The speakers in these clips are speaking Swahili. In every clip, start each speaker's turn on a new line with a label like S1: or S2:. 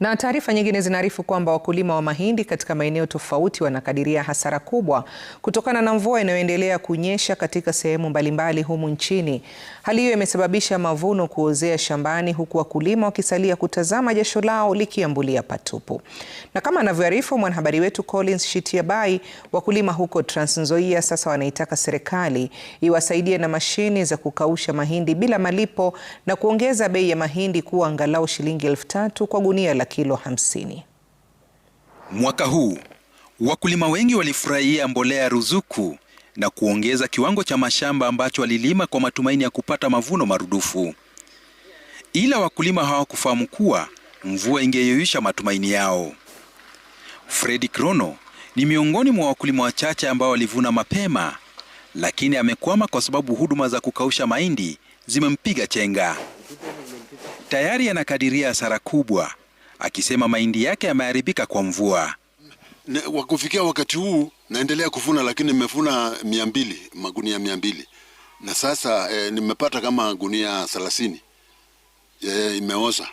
S1: Na taarifa nyingine zinaarifu kwamba wakulima wa mahindi katika maeneo tofauti wanakadiria hasara kubwa kutokana na mvua inayoendelea kunyesha katika sehemu mbalimbali humu nchini. Hali hiyo imesababisha mavuno kuozea shambani huku wakulima wakisalia kutazama jasho lao likiambulia patupu. Na kama anavyoarifu mwanahabari wetu Collins Shitiabai, wakulima huko Trans Nzoia sasa wanaitaka serikali iwasaidie na mashini za kukausha mahindi bila malipo na kuongeza bei ya mahindi kuwa angalau shilingi elfu tatu kwa gunia la kilo hamsini.
S2: Mwaka huu wakulima wengi walifurahia mbolea ya ruzuku na kuongeza kiwango cha mashamba ambacho walilima kwa matumaini ya kupata mavuno marudufu, ila wakulima hawakufahamu kuwa mvua ingeyeyusha matumaini yao. Fredi Krono ni miongoni mwa wakulima wachache ambao walivuna mapema, lakini amekwama kwa sababu huduma za kukausha mahindi zimempiga chenga. Tayari anakadiria hasara kubwa akisema mahindi yake yameharibika kwa mvua.
S3: Wakufikia wakati huu naendelea kuvuna, lakini nimevuna mia mbili magunia mia mbili na sasa e, nimepata kama gunia thelathini e, imeoza.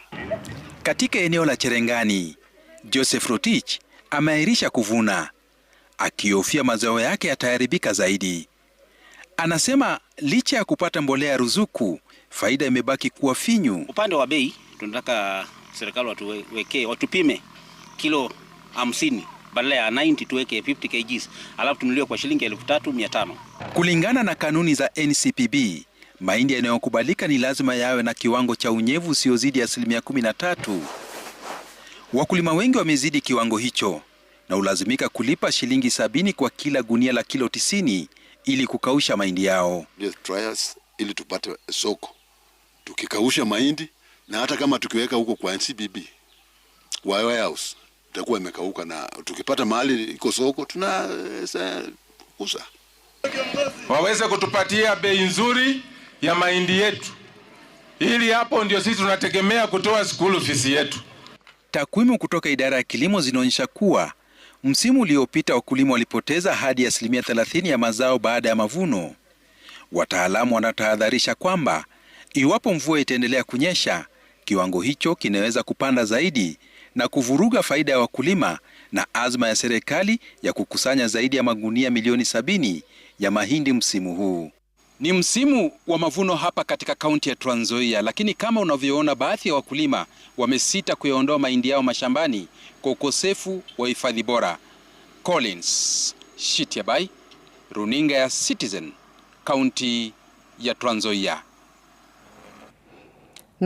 S2: Katika eneo la Cherengani, Joseph Rotich ameahirisha kuvuna akihofia mazao yake yataharibika zaidi. Anasema licha ya kupata mbolea ya ruzuku, faida imebaki kuwa finyu.
S4: Upande wa bei tunataka serikali watuwekee, watupime kilo hamsini badala ya 90 tuweke 50 kgs, alafu tunuliwe kwa shilingi elfu tatu mia tano.
S2: Kulingana na kanuni za NCPB, mahindi yanayokubalika ni lazima yawe na kiwango cha unyevu usiozidi asilimia 13. Wakulima wengi wamezidi kiwango hicho na ulazimika kulipa shilingi sabini kwa kila gunia la kilo 90 ili kukausha mahindi yao.
S3: ili tupate soko tukikausha mahindi na hata kama tukiweka huko kwa NCBB warehouse itakuwa imekauka, na tukipata mahali iko soko tunaweza eh, kuuza.
S5: Waweze kutupatia bei nzuri ya mahindi yetu, ili hapo ndio sisi tunategemea kutoa school fees yetu.
S2: Takwimu kutoka idara ya kilimo zinaonyesha kuwa msimu uliopita wakulima walipoteza hadi asilimia 30 ya mazao baada ya mavuno. Wataalamu wanatahadharisha kwamba iwapo mvua itaendelea kunyesha kiwango hicho kinaweza kupanda zaidi na kuvuruga faida ya wakulima na azma ya serikali ya kukusanya zaidi ya magunia milioni sabini ya mahindi msimu huu.
S6: Ni msimu wa mavuno hapa katika kaunti ya Trans Nzoia, lakini kama unavyoona, baadhi ya wakulima wamesita kuyaondoa mahindi yao mashambani kwa ukosefu wa hifadhi bora. Collins Shitiabai, runinga ya Citizen, kaunti ya Trans Nzoia.